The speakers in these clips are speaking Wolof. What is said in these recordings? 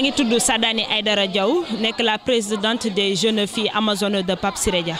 maa ngi tudd ay dara Diaw nekk la présidente des jeunes filles amazones de Pape Siré Dia.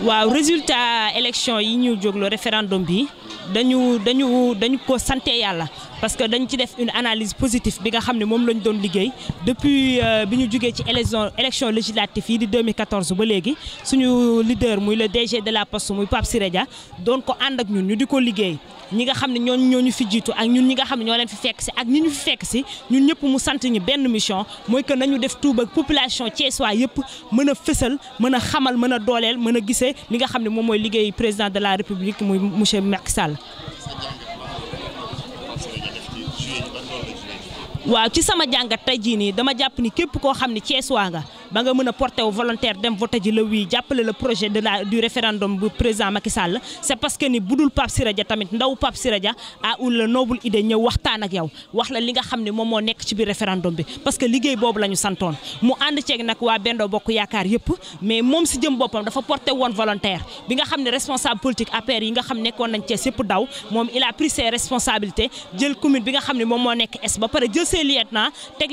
waaw résultat élection yi ñu jóglu référendum bi. dañu dañu dañu ko sante yàlla parce que dañ ci def une analyse positive bi nga xam ne moom lañ doon liggéey depuis euh, bi ñu jugee ci élection élection législative yi di 2014 ba léegi suñu leader muy le DG de la poste muy Pape Siré Dia doon ko ànd ak ñun ñu di ko liggéey ñi nga xam ne ñoo ñoo ñu fi jiitu ak ñun ñi nga xam ne ñoo leen fi fekk si ak ñi ñu fi fekk si ñun ñëpp mu sant ñu benn mission mooy que nañu def tuub ak population thiessois yëpp mën a fësal mën a xamal mën a dooleel mën a gisee nga xam ne moom mooy liggéey président de la république muy monsieur Macky waaw ci sama jàngat tey jii nii dama jàpp ni képp koo xam ne Cees nga ba nga mën a porté volontaire dem voté ji la wii jàppale le projet de référendum bu président Macky c'est parce que ni bu dul Pape Siradia tamit ndaw Pape Siradia a eu la noble ñëw waxtaan ak yow wax la li nga xam ne moom moo nekk ci biir référendum bi parce que liggéey boobu la ñu santoon mu ànd ceeg nag waa Bennoo Bokk Yaakaar yëpp mais moom si jëm boppam dafa porté woon volontaire bi nga xam ne responsable politique APR yi nga xam nekkoon nañ Cees yëpp daw moom il a pris ses xam ne moom moo nekk est ba pare jël ses lieutenants teg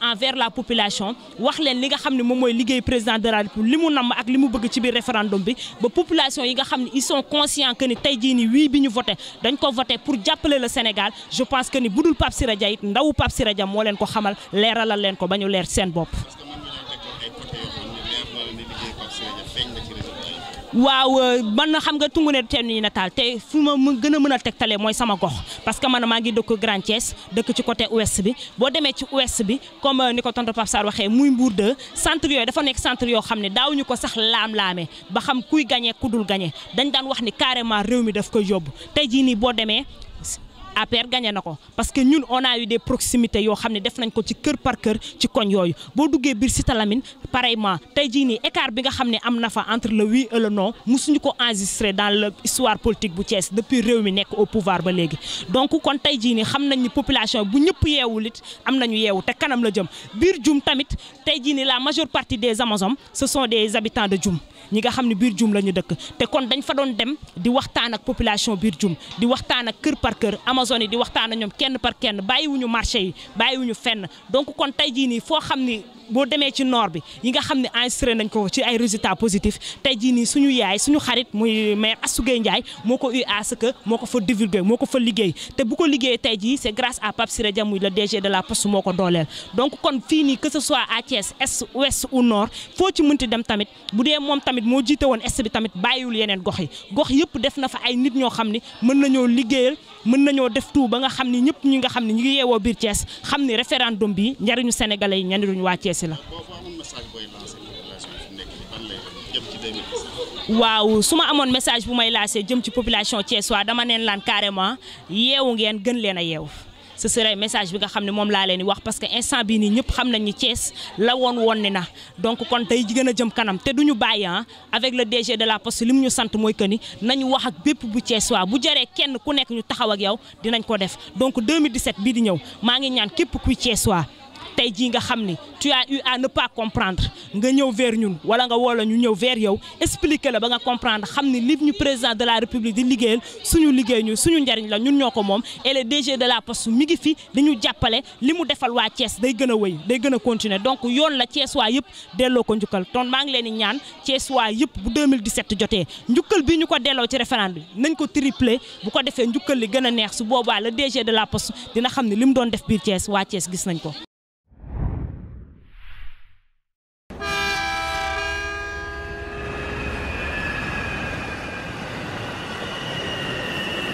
am envers la population wax leen li nga xam ne moom mooy liggéey président de la li mu namm ak li mu bëgg ci biir référendum bi ba population yi nga xam ne ils sont conscients ni tey ji ni wii bi ñu voté dañ ko voté pour jàppale la Sénégal je pense que ni bu dul Siré Dia it ndawu Pape Siré Dia moo leen ko xamal leeralal leen ko ba ñu leer seen bopp waaw euh, man xam nga tungu ne teen ñu nataal te fu ma mu gën a mën a tegtalee mooy sama gox parce que man maa ngi dëkk Grand Thiès dëkk ci côté ouest bi boo demee ci ouest bi comme euh, ni ko tonton Pape waxee muy Mbour 2 centre dafa nekk centre yoo xam ne daawuñu ko sax laam-laamee ba xam kuy gañee ku dul gañee dañ daan wax ni carrément réew mi daf ko yóbbu tey jii nii boo demee APR gagné na ko parce que ñun on a eu des proximités yoo xam ne def nañ ko ci kër par kër ci koñ yooyu boo duggee biir talamin Lamy pareillement tey jii nii écart bi nga xam ne am na fa entre le hui et le non musuñu ko enregistré dans l'histoire politique bu Thiès depuis réew mi nekk au pouvoir ba léegi donc kon tey jii nii xam nañ ni population bu ñëpp yeewul it am nañu yeewu te kanam la jëm biir jum tamit tey jii nii la majeure partie des Amazones ce sont des habitants de Dioum ñi nga xam ne biir Dioum la ñu dëkk te kon dañ fa doon dem di waxtaan ak population biir Dioum di waxtaan ak zone yi di waxtaan ak ñoom kenn par kenn ñu marché yi ñu fenn donc kon tey jii nii foo xam ni boo demee ci nord bi yi nga xam ne enregistré nañ ko ci ay résultats positif tey jii nii suñu yaay suñu xarit muy mais Astou Gueye moo ko eu à ce que moo ko fa divulgué moo ko fa liggéey te bu ko liggéeyee tey jii c' est grâce à Pape Siré Dia muy le DG de la poste moo ko dooleel donc kon fii nii que ce soit à Thiès est ouest ou nord foo ci mënti dem tamit bu dee moom tamit moo jiite woon est bi tamit bàyyiwul yeneen gox yi gox yëpp def na fa ay nit ñoo xam ne mën nañoo liggéeyal mën nañoo def ba nga xam ne ñëpp ñi nga xam ne ñu ngi yeewoo biir Thiès xam ne référendum bi njariñu sénégalais yi ñaniruñu waa Thiès si la. waaw su ma amoon message bu may lancé jëm ci population Thiès dama neen laan carrément yeewu ngeen gën leen a yeewu. ce message bi nga xam ne moom laa leen di wax parce que instant bii nii ñëpp xam nañ ni Thiès la woon woon ni na donc kon tey gën a jëm kanam te duñu bàyyi ah avec le DG de la poste li mu ñu sant mooy que ni nañu wax ak bépp bu Thiès waa bu jëree kenn ku nekk ñu taxaw ak yow dinañ ko def donc bii di ñëw maa ngi ñaan képp kuy Thiès tey jii nga xam ni tu as eu à ne nga ñëw veer ñun wala nga woola ñu ñëw veer yow expliquer la ba nga comprendre xam ni li ñu président de la république di liggéeyal suñu liggéey ñu suñu njariñ la ñun ñoo ko moom et le DG de la poste mi ngi fi di ñu jàppale li mu defal waa Thiès day gën a wéy day gën a continuer donc yoon la Thiès waa yëpp delloo ko njukkal ton maa ngi leen di ñaan Thiès waa yëpp bu 2017 jotee njukkal bi ñu ko delloo ci référendum bi nañ ko triplé bu ko defee njukkal li gën a neex su boobaa le DG de la dina xam ne li mu doon def biir Thiès waa gis nañ ko